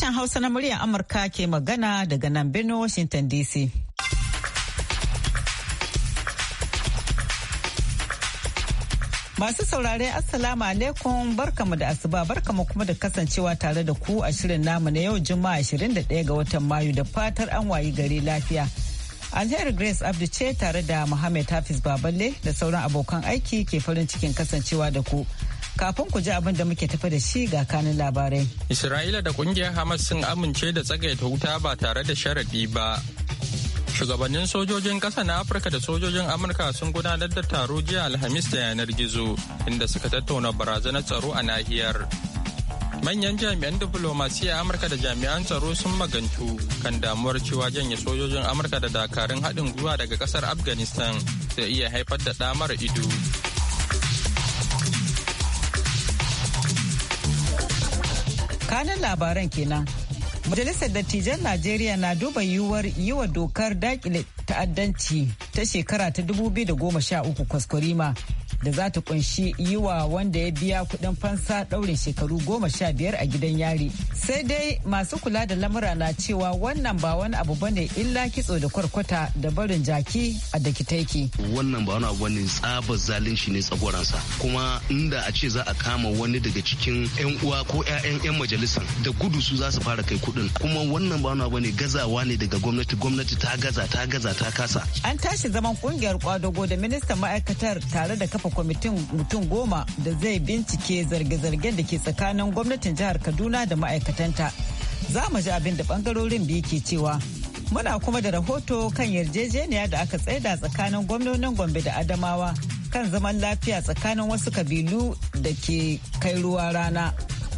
Sashen Hausa na muryar Amurka ke magana daga nan Birnin Washington DC. Masu saurare Assalamu alaikum barkamu da asuba barkamu kuma da kasancewa tare da ku a shirin namu na yau Juma'a 21 ga watan Mayu da fatar an wayi gari lafiya. Alheri Grace Abdu ce tare da muhammed Hafiz Baballe da sauran abokan aiki ke farin cikin kasancewa da ku. Kafin ku ji abin da muke tafi da shi ga kanin labarai. Isra'ila da kungiyar Hamas sun amince da tsagaita wuta ba tare da sharaɗi ba. Shugabannin sojojin ƙasa na Afirka da sojojin Amurka sun gudanar da taro jiya Alhamis da yanar gizo inda suka tattauna barazanar tsaro a nahiyar. Manyan jami'an diflomasiyya Amurka da jami'an tsaro sun magantu kan damuwar cewa janye sojojin Amurka da dakarun haɗin gwiwa daga ƙasar Afghanistan zai iya haifar da ɗamar ido. kanan labaran kenan majalisar dattijan najeriya na duba yiwuwar yi wa dokar dakile ta'addanci ta shekara ta 2013 kwaskwarima da za ta kunshi yi wa wanda ya biya kuɗin fansa ɗaurin shekaru goma sha biyar a gidan yari. Sai dai masu kula da lamura na cewa wannan ba wani abu bane illa kitso da kwarkwata da barin jaki a dakitaiki. Wannan ba wani abu bane tsaba zalunci ne tsagoransa kuma inda a ce za a kama wani daga cikin 'yan uwa ko ƴaƴan 'yan majalisa da gudu su za su fara kai kuɗin kuma wannan ba wani abu bane gazawa ne daga gwamnati gwamnati ta gaza ta gaza ta kasa. An tashi zaman kungiyar kwadago da ministan ma'aikatar tare da kafa kwamitin mutum goma da zai bincike zarge-zargen da ke tsakanin gwamnatin jihar kaduna da ma'aikatanta za mu ji abin da bangarorin biyu ke cewa muna kuma da rahoto kan yarjejeniya da aka tsaida tsakanin gwamnonin gombe da adamawa kan zaman lafiya tsakanin wasu kabilu da ke kai ruwa rana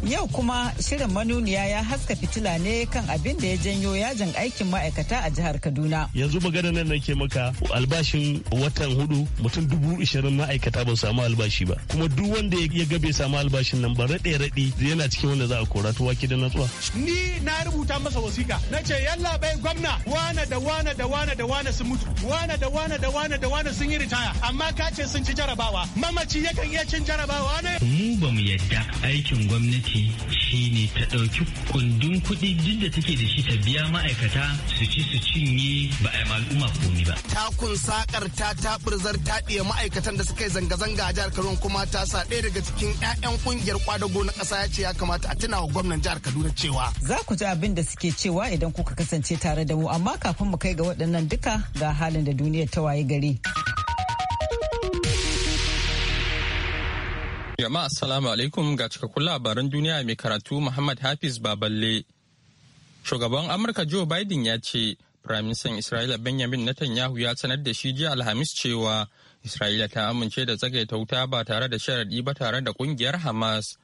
Yau kuma shirin manuniya ya haska fitila ne kan abin da ya janyo yajin aikin ma'aikata a jihar Kaduna. Yanzu magana nan nake maka albashin watan hudu mutum dubu ishirin ma'aikata ba samu albashi ba. Kuma duk wanda ya ga bai samu albashin nan ba raɗe raɗe yana cikin wanda za a kora tuwa da natsuwa. Ni na rubuta masa wasiƙa na ce yalla bai gwamna wane da wane da wane da wane sun mutu wane da wane da wane da wane sun yi ritaya amma ka ce sun ci jarabawa mamaci yakan iya cin jarabawa ne. Mu ba mu yadda aikin gwamnati gwamnati shine ta ɗauki kundin kuɗi duk da take da shi ta biya ma'aikata su ci su cinye ba a al'umma komi ba. Takun sakar ta taɓurzar ɗiya ma'aikatan da suka yi zanga-zanga a jihar Kaduna kuma ta sa ɗaya daga cikin 'ya'yan ƙungiyar kwadago na ƙasa ya ce ya kamata a tuna wa gwamnan jihar Kaduna cewa. Za ku ji abin da suke cewa idan kuka kasance tare da mu amma kafin mu kai ga waɗannan duka ga halin da duniyar ta waye gari. Jama'a assalamu alaikum ga cikakkun labaran duniya mai karatu Muhammad Hafiz Baballe. Shugaban Amurka Joe Biden ya ce, Firaministan Isra'ila Benjamin Netanyahu ya sanar da shi jiya Alhamis cewa Isra'ila ta amince da tsagaita wuta ba tare da sharaɗi ba tare da ƙungiyar Hamas.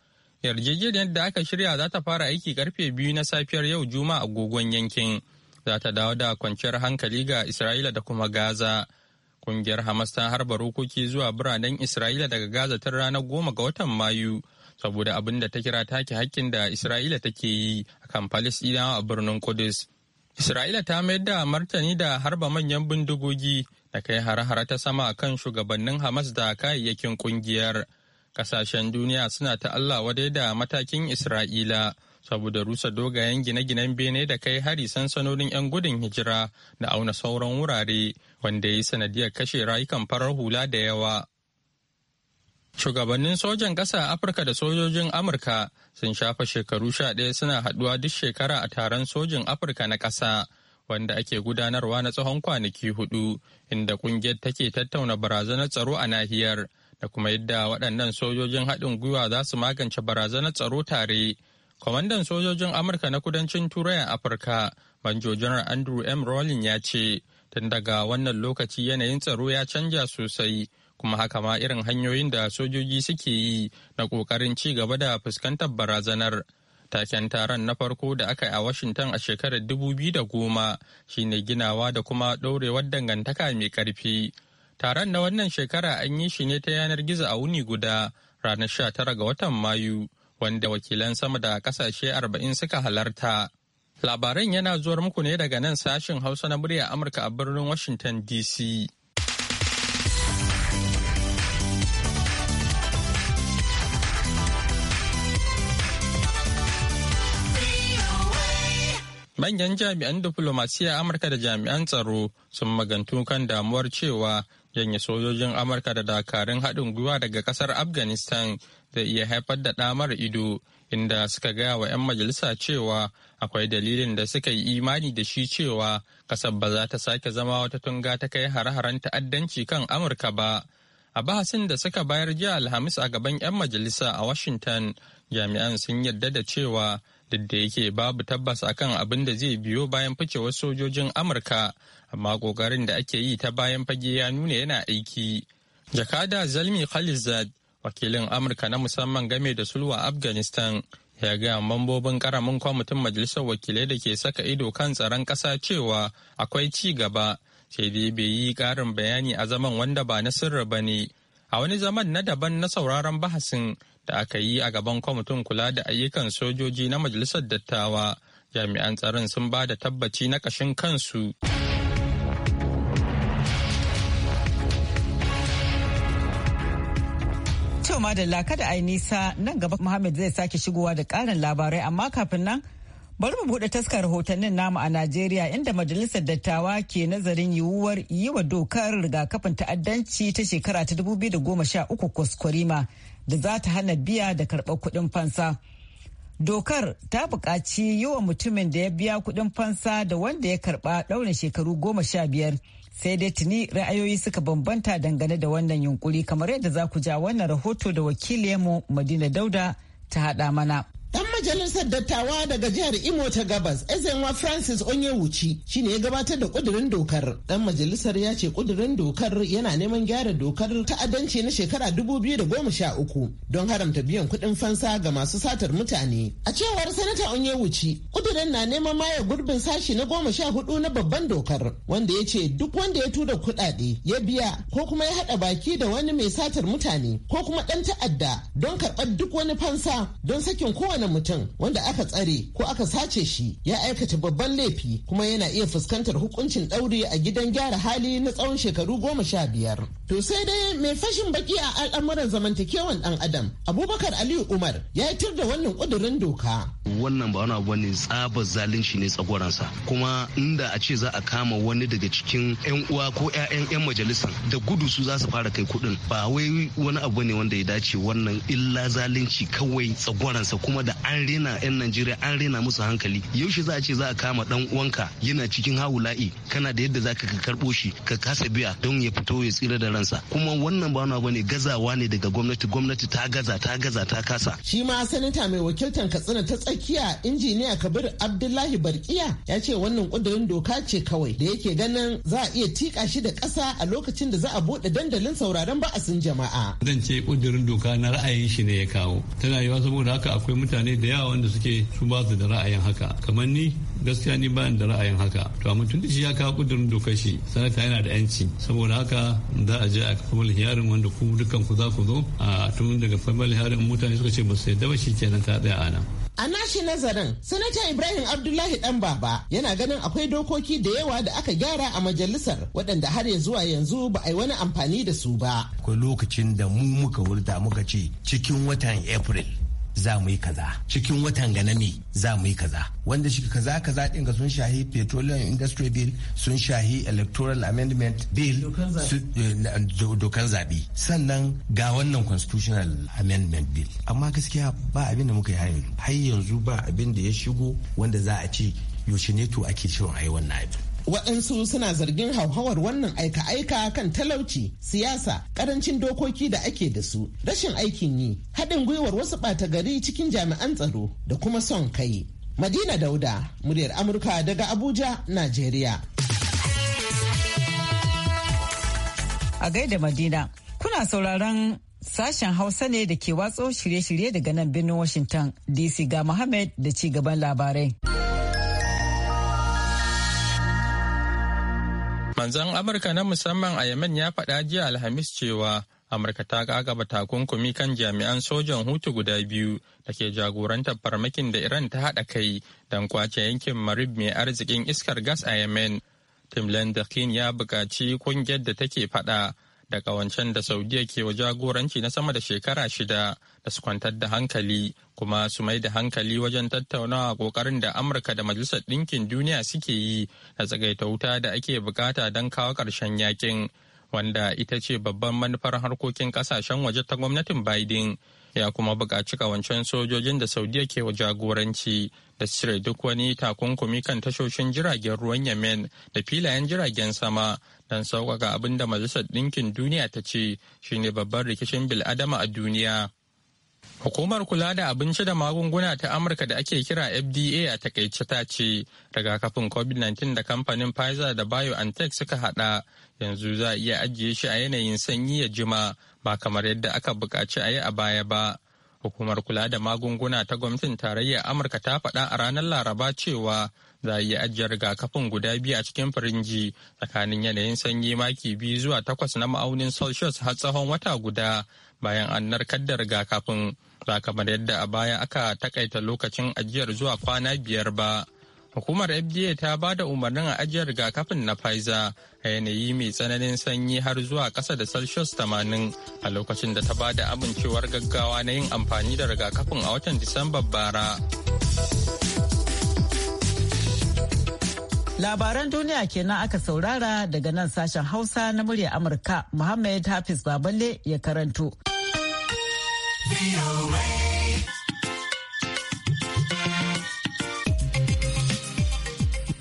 Yarjejeniyar da aka shirya za ta fara aiki karfe biyu na safiyar yau Juma'a agogon yankin. Za ta dawo da kwanciyar hankali ga Isra'ila da kuma Gaza. Kungiyar Hamas ta harba rokoki zuwa biranen Isra'ila daga Gaza tun ranar goma ga watan Mayu saboda abin da ta kira take hakkin da Isra'ila take yi a kan Falisɗinawa a birnin Kudus. Isra'ila ta mayar da martani da harba manyan bindigogi da kai har hare ta sama kan shugabannin Hamas da kayayyakin kungiyar. Kasashen duniya suna ta Allah wadai da matakin Isra'ila saboda rusa dogayen gine-ginen bene da kai hari sansanonin 'yan gudun hijira da auna sauran wurare wanda ya yi sanadiyar kashe rayukan farar hula da yawa. Shugabannin sojan ƙasa Afirka da sojojin Amurka sun shafa shekaru sha ɗaya suna haɗuwa duk shekara a taron sojin Afirka na ƙasa wanda ake gudanarwa na tsawon kwanaki hudu inda ƙungiyar take tattauna barazanar tsaro a nahiyar da kuma yadda waɗannan sojojin haɗin gwiwa za su magance barazanar tsaro tare. Kwamandan sojojin Amurka na kudancin Turai a Afirka, Banjo Janar Andrew M. Rowling ya ce, tun daga wannan lokaci yanayin tsaro ya canja sosai kuma haka ma irin hanyoyin da sojoji suke yi na ƙoƙarin ci gaba da fuskantar barazanar taken taron na farko da aka yi a washington a shekarar 2010 shine ginawa da kuma ɗorewar dangantaka mai karfi taron na wannan shekara an yi shi ne ta yanar gizo a wuni guda ranar sha tara ga watan mayu wanda wakilan sama da ƙasashe arba'in suka halarta Labaran yana zuwar muku ne daga nan sashen Hausa na murya Amurka a birnin Washington DC. Manyan jami'an diflomasiyya Amurka da jami'an tsaro sun magantu kan damuwar cewa janye sojojin Amurka da dakarun haɗin gwiwa daga ƙasar Afghanistan zai iya haifar da ɗamar ido inda suka gaya wa 'yan majalisa cewa akwai dalilin da suka yi imani da shi cewa kasar ba za ta sake zama wata tunga ta kai hare-haren ta'addanci kan amurka ba a bahasin da suka bayar jiya alhamis a gaban 'yan majalisa a washington jami'an sun yarda da cewa duk da yake babu tabbas akan abin da zai biyo bayan ficewar sojojin amurka amma kokarin da ake yi ta bayan fage ya nuna yana aiki jakada zalmi khalizad wakilin amurka na musamman game da sulwa afghanistan ya gaya mambobin karamin kwamitin majalisar wakilai da ke saka ido kan tsaron ƙasa cewa akwai ci gaba sai dai bai yi ƙarin bayani a zaman wanda ba na sirri ba ne a wani zaman na daban na sauraron bahasin da aka yi a gaban kwamitin kula da ayyukan sojoji na majalisar dattawa jami'an tsaron sun ba da tabbaci na kashin kansu. To madalla kada ai nisa nan gaba Muhammad zai sake shigowa da karin labarai amma kafin nan bari mu bude taskar rahotannin namu a Najeriya inda majalisar dattawa ke nazarin yiwuwar yi wa dokar rigakafin ta'addanci ta shekara ta 2013 kwaskwarima da za ta hana biya da karɓar kuɗin fansa. Dokar ta buƙaci yi wa mutumin da ya biya kuɗin fansa da wanda ya karɓa ɗaurin shekaru goma sha biyar. Sai dai tuni ra'ayoyi suka bambanta dangane da wannan yunkuri kamar yadda za ku ja wannan rahoto da wakilinmu Madina Dauda ta haɗa mana. Dan majalisar dattawa daga jihar Imo ta gabas, Ezenwa Francis Onyewuchi shi ne ya gabatar da kudurin dokar. Dan majalisar ya ce kudurin dokar yana neman gyara dokar ta'addanci na shekara 2013 don haramta biyan kudin fansa ga masu satar mutane. A cewar Sanata Onyewuchi, kudurin na neman maye gurbin sashi na goma sha hudu na babban dokar, wanda ya ce duk wanda ya tura kuɗaɗe ya biya ko kuma ya haɗa baki da wani mai satar mutane ko kuma dan ta'adda don karɓar duk wani fansa don sakin kowane kowane mutum wanda aka tsare ko aka sace shi ya aikata babban laifi kuma yana iya fuskantar hukuncin ɗauri a gidan gyara hali na tsawon shekaru goma sha biyar. To sai dai mai fashin baki a al'amuran zamantakewan dan adam Abubakar Aliyu Umar ya yi da wannan kudurin doka. Wannan ba wani abu ne tsabar zalunci ne tsagoransa kuma inda a ce za a kama wani daga cikin 'yan uwa ko 'ya'yan 'yan majalisan da gudu su za su fara kai kudin ba wai wani abu ne wanda ya dace wannan illa zalunci kawai tsagoransa kuma da an rena 'yan Najeriya an rena musu hankali yaushe za a ce za a kama ɗan uwanka yana cikin hawula'i kana da yadda za ka karɓo shi ka kasa biya don ya fito ya tsira da mutanensa kuma wannan ba wani bane gazawa ne daga gwamnati gwamnati ta gaza ta gaza ta kasa shi ma sanata mai wakiltar katsina ta tsakiya injiniya kabir abdullahi barkiya ya ce wannan kudurin doka ce kawai da yake ganin za a iya tika shi da kasa a lokacin da za a buɗe dandalin sauraron ba'asin jama'a zan ce kudurin doka na ra'ayin shi ne ya kawo tana yiwa saboda haka akwai mutane da yawa wanda suke su ba su da ra'ayin haka kamar ni gaskiya ni bayan da ra'ayin haka to amma tun da shi ya kawo kudurin dokar shi sanata yana da yanci saboda haka za a je a kafa hiyarin wanda ku dukkan ku za ku zo a tun daga family hiyarin mutane suka ce ba su yadda ba shi kenan ta tsaya a nan A nashi nazarin, Sanata Ibrahim Abdullahi Dan Baba yana ganin akwai dokoki da yawa da aka gyara a majalisar waɗanda har ya zuwa yanzu ba a yi wani amfani da su ba. Akwai lokacin da mu muka wurta muka ce cikin watan April za mu yi kaza cikin watan ne. za mu yi kaza wanda shi kaza kaza din ga sun shahi petroleum industry bill sun shahi electoral amendment bill eh, dokan zaɓe sannan ga wannan constitutional amendment bill amma gaskiya ba abin da muka yi har har yanzu ba abin da ya shigo wanda za a ce yaushe ne to ake shirin ai wannan abin waɗansu suna zargin hauhawar wannan aika-aika kan talauci siyasa karancin dokoki da ake da su rashin aikin yi haɗin gwiwar wasu ɓata gari cikin jami'an tsaro da kuma son kai madina dauda muryar amurka daga abuja najeriya a gaida madina kuna sauraron sashen hausa ne da ke watso shirye-shirye daga nan birnin washington dc ga muhammad da ci gaban labarai Manzan Amurka na musamman a Yemen ya faɗa jiya Alhamis cewa Amurka ta gagaba takunkumi kan jami'an sojan hutu guda biyu da ke jagorantar farmakin da Iran ta haɗa kai don kwace yankin Marib mai arzikin iskar gas a Yemen. Tim Lendakin ya buƙaci kungiyar da take faɗa da ƙawancen da Saudiya ke wa jagoranci na sama da shekara shida da su kwantar da hankali kuma su mai da hankali wajen tattaunawa kokarin da amurka da majalisar ɗinkin duniya suke yi na tsagaita wuta da ake bukata don kawo ƙarshen yakin wanda ita ce babban manufar harkokin ƙasashen waje ta gwamnatin biden ya kuma buƙaci kawancen sojojin da saudiya ke jagoranci da cire duk wani takunkumi kan tashoshin jiragen ruwan yemen da filayen jiragen sama don sauƙaƙa abin da majalisar ɗinkin duniya ta ce shine babban rikicin bil'adama a duniya Hukumar kula da abinci da magunguna ta Amurka da ake kira FDA a takaice ta ce rigakafin COVID-19 da kamfanin Pfizer da BioNTech suka hada yanzu za a iya ajiye shi a yanayin sanyi ya jima ba kamar yadda aka buƙaci a yi a baya ba. Hukumar kula da magunguna ta gwamnatin tarayyar Amurka ta faɗa a ranar Laraba cewa za a iya ajiye rigakafin guda biyu a cikin firinji tsakanin yanayin sanyi maki biyu zuwa takwas na ma'aunin Celsius har tsawon wata guda bayan an narkar da rigakafin ba kamar yadda a baya aka takaita lokacin ajiyar zuwa kwana biyar ba. Hukumar FDA ta ba da umarnin a ajiyar rigakafin na Pfizer a yanayi mai tsananin sanyi har zuwa ƙasa da Celsius 80 a lokacin da ta ba da amincewar gaggawa na yin amfani da rigakafin a watan Disamba bara. Labaran duniya kenan aka saurara daga nan sashen Hausa na murya Amurka, Muhammad Hafiz Baballe ya karanto.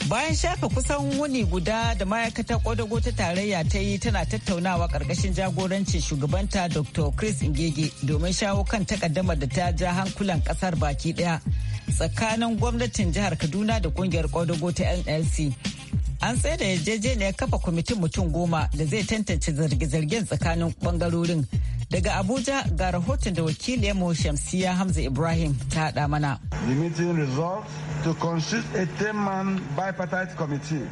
bayan shafa kusan wuni guda da ma'aikatar kwadago ta tarayya ta yi tana tattaunawa karkashin jagorancin shugabanta dr chris ngege domin shawo kan takaddamar da ta ja hankulan kasar baki daya tsakanin gwamnatin jihar kaduna da kungiyar kwadago ta nlc an tsaye da yarjejeniyar kafa kwamitin mutum goma da zai tantance zarge-zargen tsakanin bangarorin Daga Abuja ga rahoton da wakili wakilinmu Shamsiya Hamza Ibrahim ta haɗa mana. The meeting results to consist a 10-man bipartite committee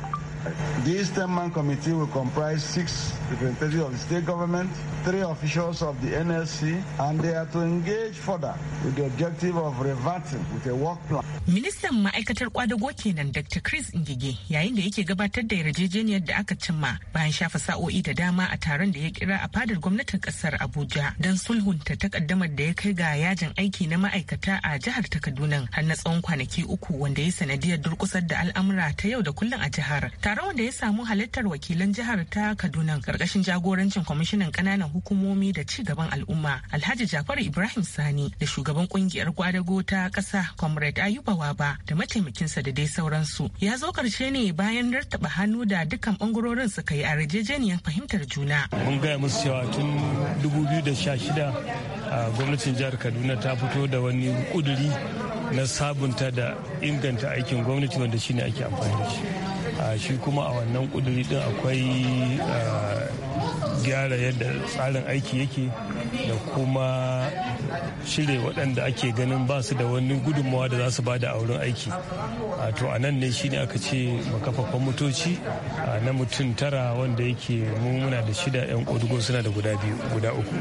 This 10-man committee will comprise six representatives of the state government, three officials of the NSC, and they are to engage further with the objective of reverting with a work plan. Ministan ma'aikatar kwadago kenan Dr. Chris Ngige yayin da yake gabatar da yarjejeniyar da aka cimma bayan shafa sa'o'i da dama a taron da ya kira a fadar gwamnatin kasar Abuja don sulhunta takaddamar da ya kai ga yajin aiki na ma'aikata a jihar ta Kaduna har na tsawon kwanaki uku wanda ya sanadiyar durkusar da al'amura ta yau da kullum a jihar. Taron wanda ya samu halittar wakilan jihar ta Kaduna karkashin jagorancin kwamishinan kananan hukumomi da ci gaban al'umma Alhaji Jafaru Ibrahim Sani da shugaban kungiyar kwadago ta ƙasa Comrade Ayuba Waba da mataimakinsa da dai sauransu. Ya zo karshe ne bayan rattaba hannu da dukkan bangarorin suka yi a rajejeniyar fahimtar juna. Mun gaya musu cewa tun 2016 gwamnatin jihar Kaduna ta fito da wani kuduri na sabunta da inganta aikin gwamnati wanda shine ake amfani da shi. shi kuma a wannan kuduri din akwai eh, gyara yadda tsarin aiki yake da kuma shirya waɗanda ake ganin ba su da wani gudunmawa da za su ba da auren aiki to a nan ne shi ne aka ce makafafan motoci na mutum tara wanda yake muna da shida 'yan ƙodugo suna da guda biyu guda uku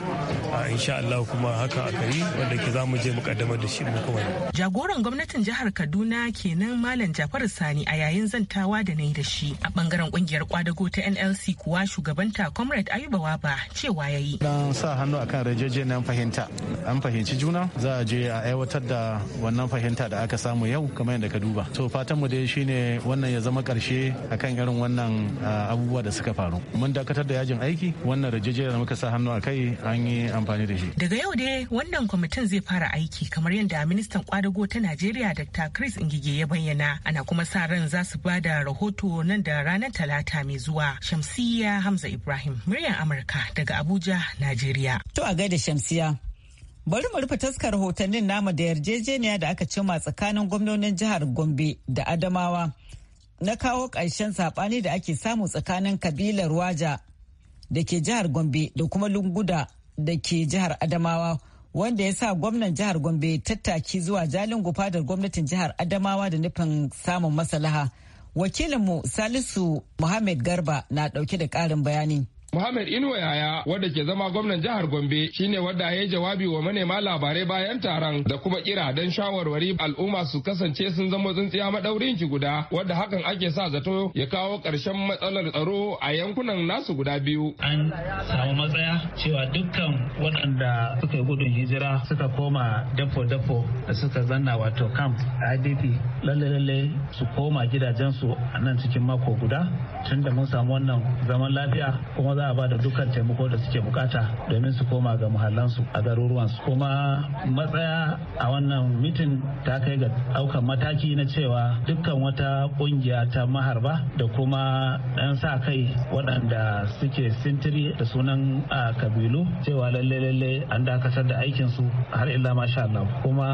insha Allah kuma haka a yi wanda ke za mu je mu kaddamar da shi mu wani jagoran gwamnatin jihar Kaduna kenan malam Jafaru Sani a yayin zantawa da na yi da shi a bangaren kungiyar kwadago ta NLC kuwa shugabanta comrade ayu taɓawa ba cewa ya yi. Dan sa hannu akan fahimta. An fahimci juna za a je a aiwatar da wannan fahimta da aka samu yau kamar yadda ka duba. To fatan mu dai shine wannan ya zama karshe kan irin wannan ah, abubuwa da suka faru. Mun dakatar da yajin aiki wannan da muka sa hannu a kai an yi amfani da shi. Daga yau dai wannan kwamitin zai fara aiki kamar yadda ministan kwadago ta Najeriya Dr. Chris Ingige ya bayyana ana kuma sa ran za su ba da rahoto nan da ranar talata mai zuwa. Shamsiyya Hamza Ibrahim, muryar Amurka daga Abuja, Najeriya. To a gaida Shamsiya. Bari mu rufe taskar rahotannin nama da yarjejeniya da aka cima tsakanin gwamnonin jihar Gombe da Adamawa na kawo ƙarshen saɓani da ake samu tsakanin kabilar Waja da ke jihar Gombe da kuma Lunguda da ke jihar Adamawa wanda ya sa gwamnan jihar Gombe tattaki zuwa jalin gufadar gwamnatin jihar Adamawa da nufin samun maslaha. Wakilinmu Salisu Muhammad Garba na ɗauke da ƙarin bayani. Muhammad Inuwa Yaya wadda ke zama gwamnan jihar Gombe shine wadda ya yi jawabi wa manema labarai bayan taron da kuma kira don shawarwari al'umma su kasance sun zama tsintsiya maɗaurin ki guda wadda hakan ake sa zato ya kawo ƙarshen matsalar tsaro a yankunan nasu guda biyu. An samu matsaya cewa dukkan waɗanda suka yi gudun hijira suka koma dafo-dafo da suka zanna wato camp IDP lalle-lalle su koma gidajensu a nan cikin mako guda tunda mun samu wannan zaman lafiya kuma za a ba da dukkan taimako da suke bukata domin su koma ga muhallansu a garuruwansu kuma matsaya a wannan mitin ta kai ga daukan mataki na cewa dukkan wata kungiya ta maharba da kuma ɗan sa kai waɗanda suke sintiri da sunan kabilu cewa lalle lalle an dakatar da aikin su har illa masha Allah kuma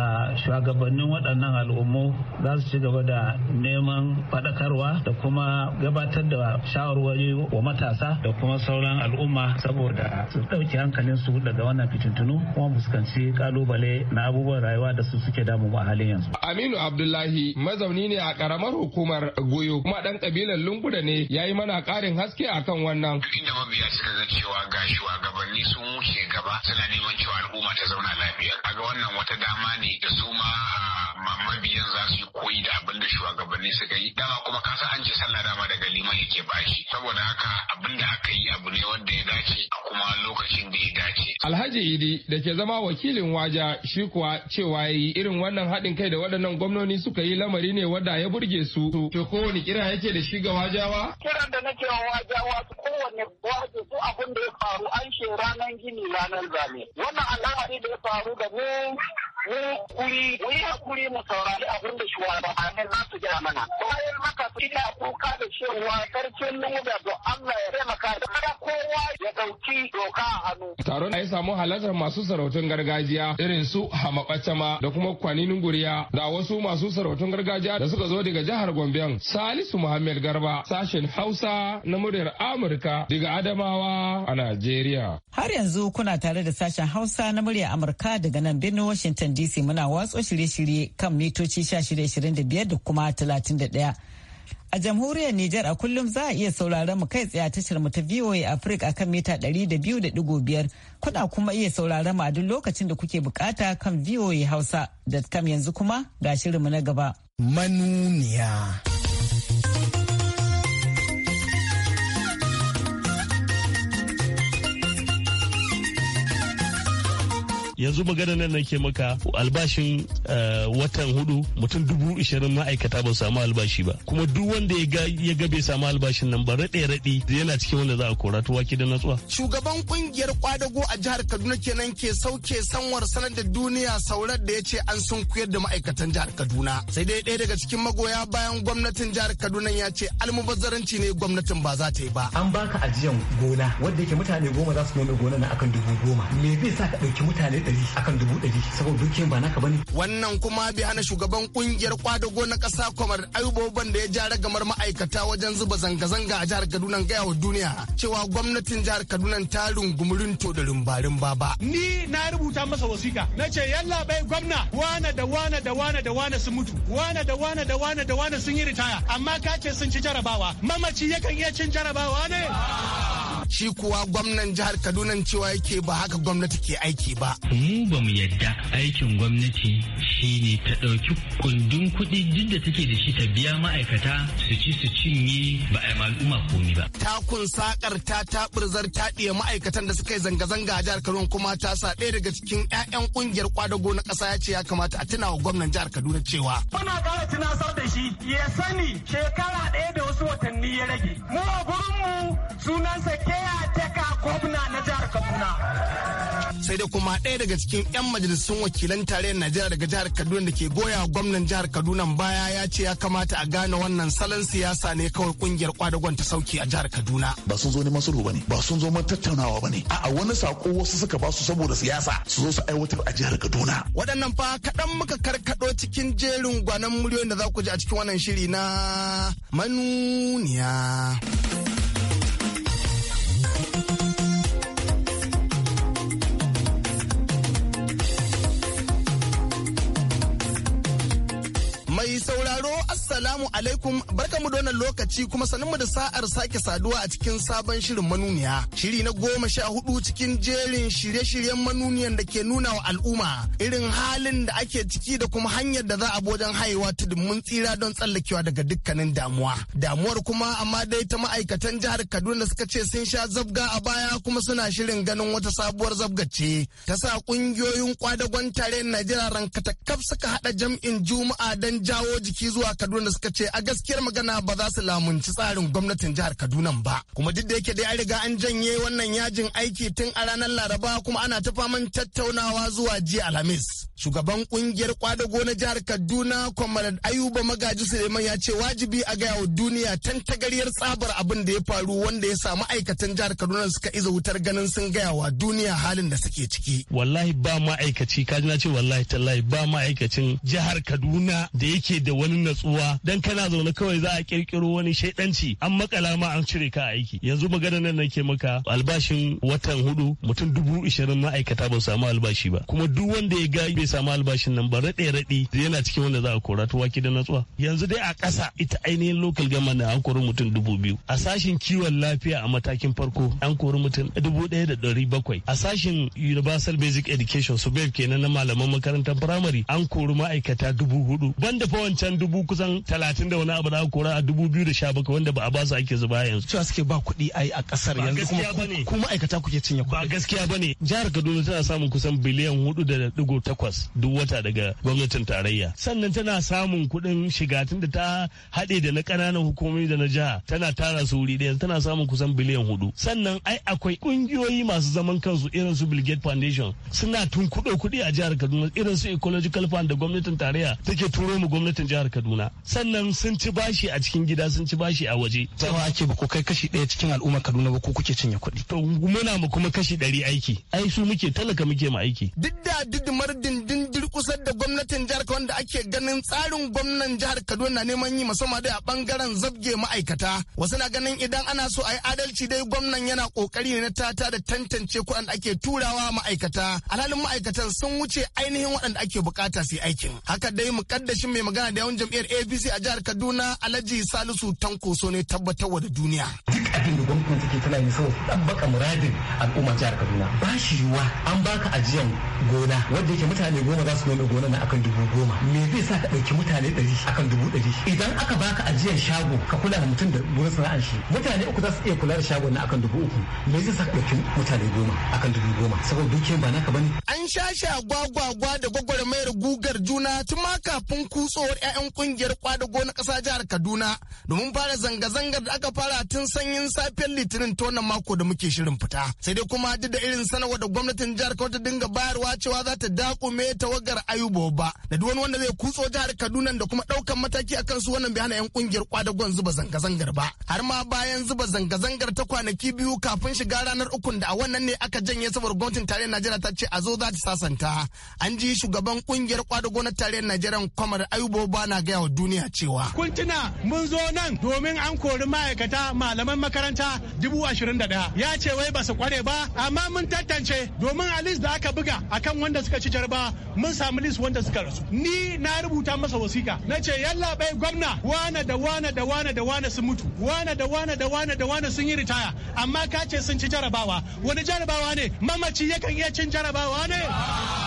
a shugabannin waɗannan al'ummu za su ci gaba da neman faɗakarwa da kuma gabatar da shawarwari wa matasa da kuma sauran al'umma saboda su ɗauki hankalin su daga wannan fitintunu kuma fuskanci kalubale na abubuwan rayuwa da su suke damu a halin yanzu. Aminu Abdullahi mazauni ne a karamar hukumar Goyo kuma ɗan kabilar Lunguda ne ya yi mana ƙarin haske a kan wannan. Inda mabiya suka ga cewa ga shugabanni sun wuce gaba suna neman cewa al'umma ta zauna lafiya. Kaga wannan wata dama ne da su ah, ma mabiyan za su yi koyi da abin da shugabanni suka yi. Dama kuma kasa an ce sallah dama daga liman yake bashi. Saboda haka abin da aka yi abu ne wanda ya dace a kuma lokacin da ya dace. Alhaji Idi da ke zama wakilin waja shi kuwa cewa ya yi irin wannan haɗin kai da waɗannan gwamnoni suka yi lamari ne wanda ya burge su. To kowane kira yake da shi ga wajawa? Kiran da nake wa wajawa su kowane waje su abin da ya faru an shi ranar gini ranar zane. Wannan al'amari da ya faru da ni. mu kuri mu yi hakuri mu saurari abin da shugabannin za su gina mana bayan maka ina kuka da cewa sarkin lunga da Allah ya taimaka da kada kowa ya dauki doka a hannu taron ya samu halartar masu sarautun gargajiya irin su hamabacama da kuma kwaninin guriya da wasu masu sarautun gargajiya da suka zo daga jihar Gombe Salisu Muhammad Garba sashen Hausa na muryar Amurka daga Adamawa a Najeriya Har yanzu kuna tare da sashen Hausa na murya Amurka daga nan birnin Washington DC muna watsa shirye-shirye kan mitoci 1625 da kuma 31. A jamhuriyar Nijar a kullum za a iya sauraron mu kai tsaye tashar mu ta VOA Africa kan mita 200.5 kuna kuma iya sauraron mu a duk lokacin da kuke bukata kan voahausa.com yanzu kuma ga shirinmu na gaba. Manuniya. yanzu magana nan nake maka albashin eh, watan hudu mutum dubu ishirin ma'aikata ba samu albashi ba kuma duk wanda ya ga bai samu albashin nan ba raɗe raɗe yana cikin wanda za a kora tuwa ki da natsuwa. shugaban kungiyar kwadago a jihar kaduna kenan ke sauke sanwar sanar da duniya saurar da ya ce an sun kuyar da ma'aikatan jihar kaduna sai dai ɗaya daga cikin magoya bayan gwamnatin jihar kaduna ya ce almubazzaranci ne gwamnatin ba za ta yi ba. an baka ajiyan gona wanda yake mutane goma za su nome gona na akan dubu goma me zai sa ka ɗauki mutane akan dubu ɗari saboda dukiyan ba naka bane. Wannan kuma bai hana shugaban kungiyar kwadago na ƙasa kwamar ayuboban da ya ja ragamar ma'aikata wajen zuba zanga-zanga a jihar Kaduna gaya wa duniya cewa gwamnatin jihar Kaduna ta rungumurin to da rumbarin rumba ba. Ni na rubuta masa wasiƙa na ce yalla bai gwamna wana da wana da wana da wana sun mutu wana da wana da wana da wana sun yi ritaya amma ka ce sun ci jarabawa mamaci yakan iya cin jarabawa ne. shi kuwa gwamnan jihar kaduna cewa yake ba haka gwamnati ke aiki ba mu ba mu yadda aikin gwamnati shine ta ɗauki kundin kuɗi duk da take da shi ta biya ma'aikata su ci su cinye ba a al'umma komi ba takun sakar ta taɓurzar ta ɗiya ma'aikatan da suka yi zanga-zanga a jihar kaduna kuma ta sa ɗaya daga cikin 'ya'yan ƙungiyar kwadago na ƙasa ya ce ya kamata a tuna wa gwamnan jihar kaduna cewa muna ƙara tunasar da shi ya sani shekara ɗaya da wasu watanni ya rage mu a gurinmu sunansa ke sai da kuma ɗaya daga cikin 'yan majalisun wakilan tarayyar najeriya daga jihar kaduna da ke goya gwamnan jihar kaduna baya ya ce ya kamata a gane wannan salon siyasa ne kawai kungiyar kwadagon ta sauki a jihar kaduna ba sun zo neman sulhu bane ba sun zo man tattaunawa bane a wani sako wasu suka ba su saboda siyasa su zo su aiwatar a jihar kaduna waɗannan fa kaɗan muka karkaɗo cikin jerin gwanan muryoyin da za ku ji a cikin wannan shiri na manuniya. sauraro Assalamu alaikum barkamu da wannan lokaci kuma mu da sa'ar sake saduwa a cikin sabon shirin manuniya. Shiri na goma sha hudu cikin jerin shirye-shiryen manuniyan da ke nuna wa al'umma irin halin da ake ciki da kuma hanyar da za a wajen haihuwa ta dumin tsira don tsallakewa daga dukkanin damuwa. Damuwar kuma amma dai ta ma'aikatan jihar Kaduna da suka ce sun sha zabga a baya kuma suna shirin ganin wata sabuwar zabga ce. Ta sa kungiyoyin kwadagon tare Najeriya rankatakaf suka haɗa jam'in Juma'a don jawo kawo jiki zuwa Kaduna suka ce a gaskiyar magana ba za su lamunci tsarin gwamnatin jihar Kaduna ba. Kuma duk da yake dai an riga an janye wannan yajin aiki tun a ranar Laraba kuma ana ta faman tattaunawa zuwa jiya Alhamis. Shugaban kungiyar kwadago na jihar Kaduna Comrade Ayuba Magaji Suleiman ya ce wajibi a gaya wa duniya tan tagariyar tsabar abin da ya faru wanda ya samu aikatan jihar Kaduna suka iza wutar ganin sun gaya wa duniya halin da suke ciki. Wallahi ba ma'aikaci kaji na ce wallahi tallahi ba ma'aikacin jihar Kaduna da yake da wani natsuwa dan kana zaune kawai za a kirkiro wani shaidanci an makala ma an cire ka aiki yanzu magana nan nake maka albashin watan hudu mutum dubu ishirin ma'aikata ba samu albashi ba kuma duk wanda ya ga bai samu albashin nan ba raɗe raɗi yana cikin wanda za a kora ta waki da natsuwa yanzu dai a ƙasa ita ainihin local government an kori mutum dubu biyu a sashin kiwon lafiya a matakin farko an kori mutum dubu ɗaya da ɗari bakwai a sashin universal basic education su kenan na malaman makarantar primary an kori ma'aikata dubu hudu banda fawon wancan dubu kusan talatin da wani abu da kora a dubu biyu da sha bakwai wanda ba a basu ake zuba yanzu. Cewa suke ba kuɗi ai a ƙasar yanzu kuma kuma aikata kuke cinye kuɗi. Ba gaskiya ba ne. Jihar Kaduna tana samun kusan biliyan hudu da ɗigo takwas duk wata daga gwamnatin tarayya. Sannan tana samun kuɗin shiga tun da ta haɗe da na ƙananan hukumomi da na jiha tana tara su wuri ɗaya tana samun kusan biliyan hudu. Sannan ai akwai ƙungiyoyi masu zaman kansu irin su Bill Gates Foundation suna tun kuɗo kuɗi a jihar Kaduna irin su Ecological Fund da gwamnatin tarayya take turo mu gwamnatin gwamnatin jihar Kaduna sannan sun ci bashi a cikin gida sun ci bashi a waje tsawa ake ba ko kai kashi ɗaya cikin al'ummar Kaduna ba ko kuke cinye kuɗi to muna mu kuma kashi ɗari aiki ai su muke talaka muke mu aiki duk da duk din durkusar da gwamnatin jihar da ake ganin tsarin gwamnan jihar Kaduna neman yi musamman dai a bangaren zabge ma'aikata. Wasu na ganin idan ana so a yi adalci dai gwamnan yana kokari ne na tata da tantance kuɗin ake turawa ma'aikata. Alhalin ma'aikatan sun wuce ainihin waɗanda ake bukata su yi aikin. Haka dai mukaddashin mai magana da yawan jam'iyyar APC a jihar Kaduna Alhaji Salisu Tanko so ne tabbatarwa da duniya. Duk abin da gwamnati take tana yi sau tabbaka muradin al'umma jihar Kaduna. Ba shi yiwuwa an baka ajiyan gona wanda yake mutane goma za su nuna gonar na akan dubu goma me zai sa ka ɗauki mutane ɗari akan dubu ɗari idan aka baka ajiyar shago ka kula da mutum da gurin sana'ar shi mutane uku za su iya kula da shagon na akan dubu uku me zai sa ka ɗauki mutane goma akan dubu goma saboda dukiyar ba naka bane. an shashi a agwagwagwa da gwagwarmayar gugar juna tun ma kafin kutsuwar 'ya'yan kungiyar kwadago na ƙasa jihar kaduna domin fara zanga-zangar da aka fara tun sanyin safiyar litinin ta wannan mako da muke shirin fita sai dai kuma duk da irin sanarwa da gwamnatin jihar kawai ta dinga bayarwa cewa za ta dakume tawagar ayuba ba da duk wani wanda zai kutso jihar kaduna da kuma daukan mataki akan su wannan bai hana yan kungiyar kwadagon zuba zanga-zangar ba har ma bayan zuba zanga-zangar ta kwanaki biyu kafin shiga ranar ukun da a wannan ne aka janye saboda gwamnatin tarayyar najeriya ta ce a zo za ta sasanta an ji shugaban kungiyar kwadago na tarayyar najeriya kwamar ayuba ba na gaya wa duniya cewa kun tuna mun zo nan domin an kori ma'aikata malaman makaranta dubu ashirin da daya ya ce wai ba su kware ba amma mun tantance domin alis da aka buga akan wanda suka ci jarba mun samu families wanda suka rasu ni na rubuta masa wasika na ce yalla bai gwamna wana da wana da wana da wana sun mutu wana da wana da wana da wana sun yi ritaya amma ka ce sun ci jarabawa wani jarabawa ne mamaci yakan iya cin jarabawa ne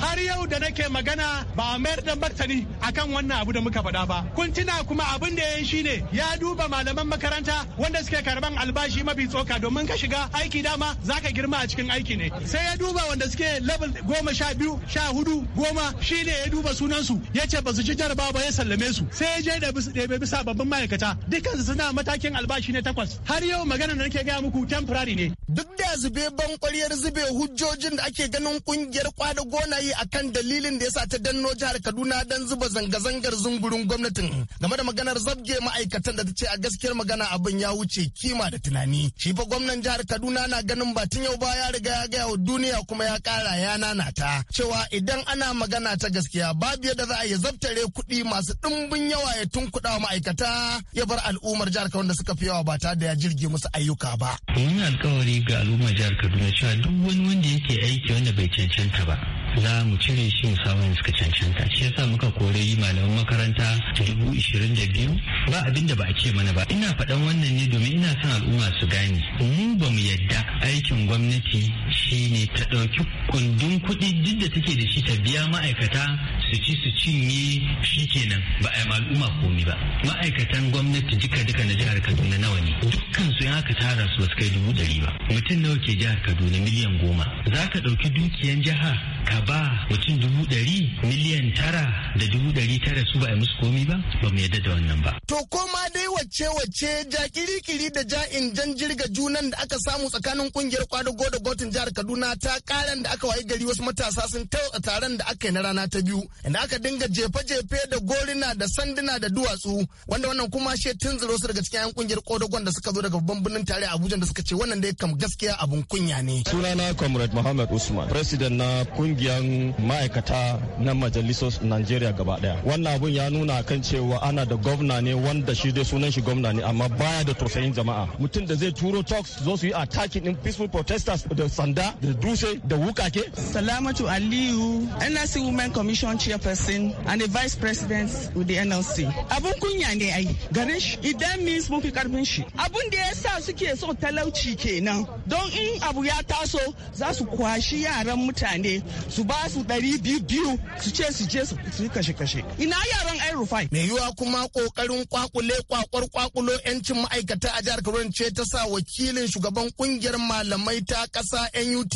har yau da nake magana ba a mayar da martani akan wannan abu da muka faɗa ba kun tuna kuma abin da ya shine ya duba malaman makaranta wanda suke karban albashi mafi tsoka domin ka shiga aiki dama zaka girma a cikin aiki ne sai ya duba wanda suke level goma sha biyu sha hudu goma shine ya duba sunansu ya ce ba su ci jarabawa ba ya sallame su sai ya je da bisa babban ma'aikata dukkan su suna matakin albashi ne takwas har yau magana da nake gaya muku temporary ne duk da zube ban zube hujjojin da ake ganin kungiyar kwada gonaye a kan dalilin da ya sa ta danno jihar Kaduna dan zuba zanga-zangar zungurin gwamnatin game da maganar zabge ma'aikatan da ta ce a gaskiyar magana abin ya wuce kima da tunani. Shi fa gwamnan jihar Kaduna na ganin batun yau ba ya riga ya gaya wa duniya kuma ya kara ya nanata cewa idan ana magana ta gaskiya babu yadda za a yi zabtare kuɗi masu ɗimbin yawa ya tunkuɗa wa ma'aikata ya bar al'ummar jihar Kaduna suka fi yawa ba tare da ya jirge musu ayyuka ba. wani alkawari ga al'ummar jihar Kaduna cewa duk wani wanda yake aiki wanda bai cancanta ba za mu cire shi mu samu suka cancanta shi yasa muka kore malaman makaranta dubu ishirin da biyu ba abin da ba a ce mana ba ina faɗan wannan ne domin ina son al'umma su gane mu ba mu yadda aikin gwamnati shine ta ɗauki kundin kuɗi duk da take da shi ta biya ma'aikata su ci su cinye shi kenan ba a yi al'umma komi ba ma'aikatan gwamnati duka duka na jihar kaduna nawa ne dukkan su aka tara su basu kai dubu ɗari ba mutum nawa ke jihar kaduna miliyan goma za ka ɗauki dukiyan jiha ka ba mutum dubu ɗari miliyan tara da dubu ɗari tara su ba a musu komi ba ba mu yadda da wannan ba. To ma dai wacce wacce ja kirikiri da ja jan jirga junan da aka samu tsakanin kungiyar kwadago da gotin jihar Kaduna ta karan da aka wayi gari wasu matasa sun tautsa taron da aka yi na rana ta biyu inda aka dinga jefe-jefe da gorina da sanduna da duwatsu wanda wannan kuma she tunzuro su daga cikin 'yan kungiyar kodogon da suka zo daga babban birnin tare Abuja da suka ce wannan dai kam gaskiya abun kunya ne. Sunana Comrade Muhammad Usman, President na kungiya sauran ma'aikata na majalisar Najeriya gaba daya. Wannan abun ya nuna kan cewa ana da gwamna ne wanda shi dai sunan shi gwamna ne amma baya da tausayin jama'a. Mutum da zai turo talks zo su yi attacking din peaceful protesters da sanda da dutse da wukake. Salamatu Aliyu, NRC Women Commission Chairperson and the Vice President with the NLC. Abun kunya ne ai, garin shi idan means mun fi karfin shi. Abun da ya sa suke so talauci kenan. Don in abu ya taso za su kwashi yaran mutane su ba su ɗari biyu biyu su ce su je su kashe kashe ina yaran ai rufai mai yiwa kuma kokarin kwakule kwakwar kwakulo yancin ma'aikata a jihar Kano ce ta sa wakilin shugaban kungiyar malamai ta ƙasa NUT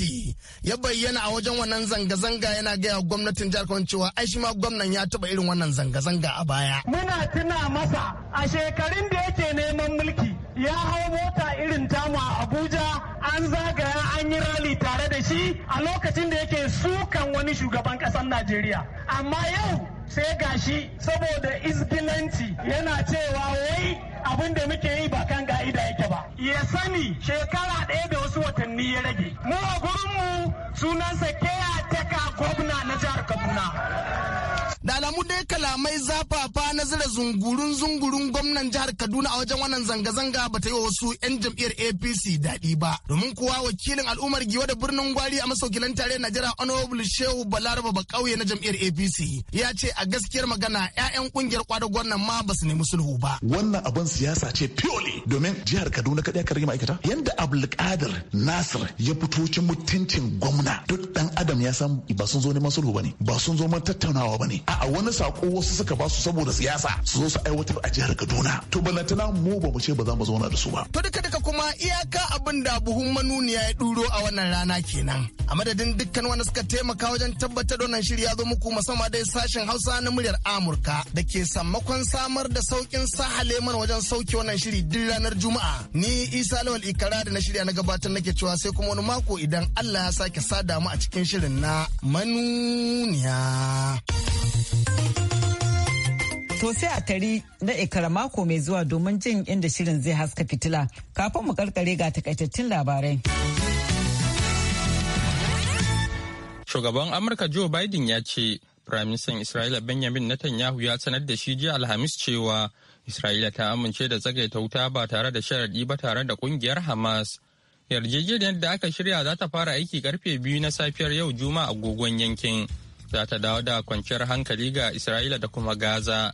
ya bayyana a wajen wannan zanga-zanga yana gaya gwamnatin jihar Kano cewa ai shi ma gwamnan ya taba irin wannan zanga-zanga a baya muna tuna masa a shekarun da yake neman mulki ya hau mota irin tamu a Abuja an zagaya an yi rali tare da shi a lokacin da yake sukan wani shugaban ƙasar Najeriya. Amma yau sai gashi saboda izgilanci yana cewa wai abin da muke yi ba kan ga'ida yake ba. Ya sani shekara ɗaya da wasu watanni ya rage. Mu a gurinmu sunansa Keya taka gwamna na jihar Kaduna. da alamu dai kalamai zafafa na zira zungurun zungurun gwamnan jihar kaduna a wajen wannan zanga-zanga ba ta yi wa wasu 'yan jam'iyyar apc daɗi ba domin kuwa wakilin al'ummar giwa da birnin gwari a masaukilan tare najeriya honorable shehu balaraba ba kauye na jam'iyyar apc ya ce a gaskiyar magana 'ya'yan ƙungiyar kwadagon nan ma ba su nemi sulhu ba wannan abin siyasa ce purely domin jihar kaduna kaɗai aka ma'aikata Yadda abdulkadir nasir ya fito cin mutuncin gwamna duk dan adam ya san ba sun zo neman sulhu ba ne ba sun zo man tattaunawa ba ne a wani sako wasu suka ba su saboda siyasa su zo su aiwatar a jihar Kaduna to balantana mu ba mu ce ba za mu zauna da su ba to duka duka kuma iyaka abin da buhun manuniya ya duro a wannan rana kenan a madadin dukkan wanda suka taimaka wajen tabbatar da wannan shirya zo muku musamman dai sashen Hausa na muryar Amurka da ke sammakon samar da saukin sahale mana wajen sauke wannan shiri duk ranar Juma'a ni Isa Lawal Ikara da na shirya na gabatar nake cewa sai kuma wani mako idan Allah ya sake sada mu a cikin shirin na manuniya. To sai a tari na ikara mako mai zuwa domin jin inda shirin zai haska fitila. Kafin mu karkare ga takaitattun labarai. Shugaban Amurka Joe Biden ya ce, Firaministan Isra'ila Benjamin Netanyahu ya sanar da shi jiya Alhamis cewa Isra'ila ta amince da tsagaita wuta ba tare da sharaɗi ba tare da ƙungiyar Hamas. Yarjejeniyar da aka shirya za ta fara aiki karfe biyu na safiyar yau Juma'a agogon yankin. za ta dawo da kwanciyar hankali ga Isra'ila da kuma Gaza.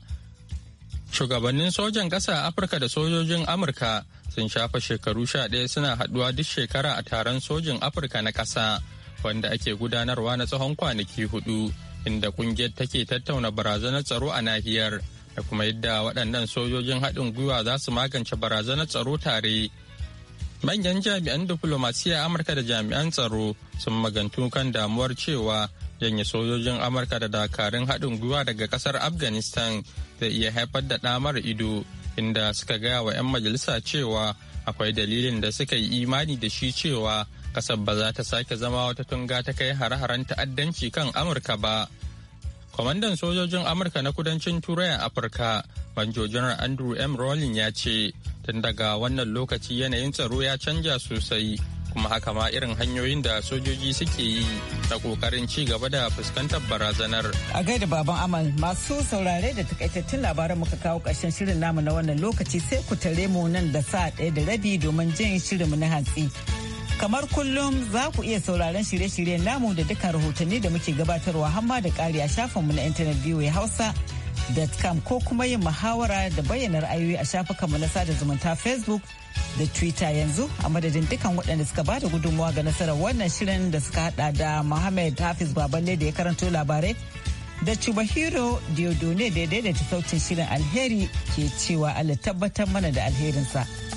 Shugabannin sojan ƙasa Afirka da sojojin Amurka sun shafa shekaru sha ɗaya suna haɗuwa duk shekara a taron sojin Afirka na ƙasa wanda ake gudanarwa na tsawon kwanaki hudu inda ƙungiyar take tattauna barazanar tsaro a nahiyar. da kuma yadda waɗannan sojojin haɗin gwiwa za su magance barazanar tsaro tare. Manyan jami'an diflomasiyya Amurka da jami'an tsaro sun magantu kan damuwar cewa janye sojojin amurka da dakarun haɗin gwiwa daga ƙasar afghanistan zai iya haifar da ɗamar ido inda suka gaya wa 'yan majalisa cewa akwai dalilin da suka yi imani da shi cewa ƙasar ba za ta sake zama wata tunga ta kai hare-haren ta'addanci kan amurka ba kwamandan sojojin amurka na kudancin turai a afirka banjo janar andrew m rowling ya ce tun daga wannan lokaci yanayin tsaro ya canja sosai kuma haka ma irin hanyoyin da sojoji suke yi na kokarin ci gaba da fuskantar barazanar. A gaida baban amal masu saurare da takaitattun labaran muka kawo ƙarshen shirin namu na wannan lokaci sai ku tare mu nan da sa ɗaya da rabi domin jin shirinmu na hantsi. Kamar kullum za ku iya sauraron shirye-shiryen namu da dukkan rahotanni da muke gabatarwa hamma da ƙari a shafinmu na intanet ya Hausa. facebook.com ko kuma yin muhawara da bayyana ra'ayoyi a shafukanmu na sada zumunta facebook da twitter yanzu a madadin dukkan waɗanda suka ba da gudunmawa ga nasara wannan shirin da suka hada da mohammed hafiz baballe da ya karanto labarai da cuba hero diodone da ya daidaita sautin shirin alheri ke cewa allah tabbatar mana da alherinsa.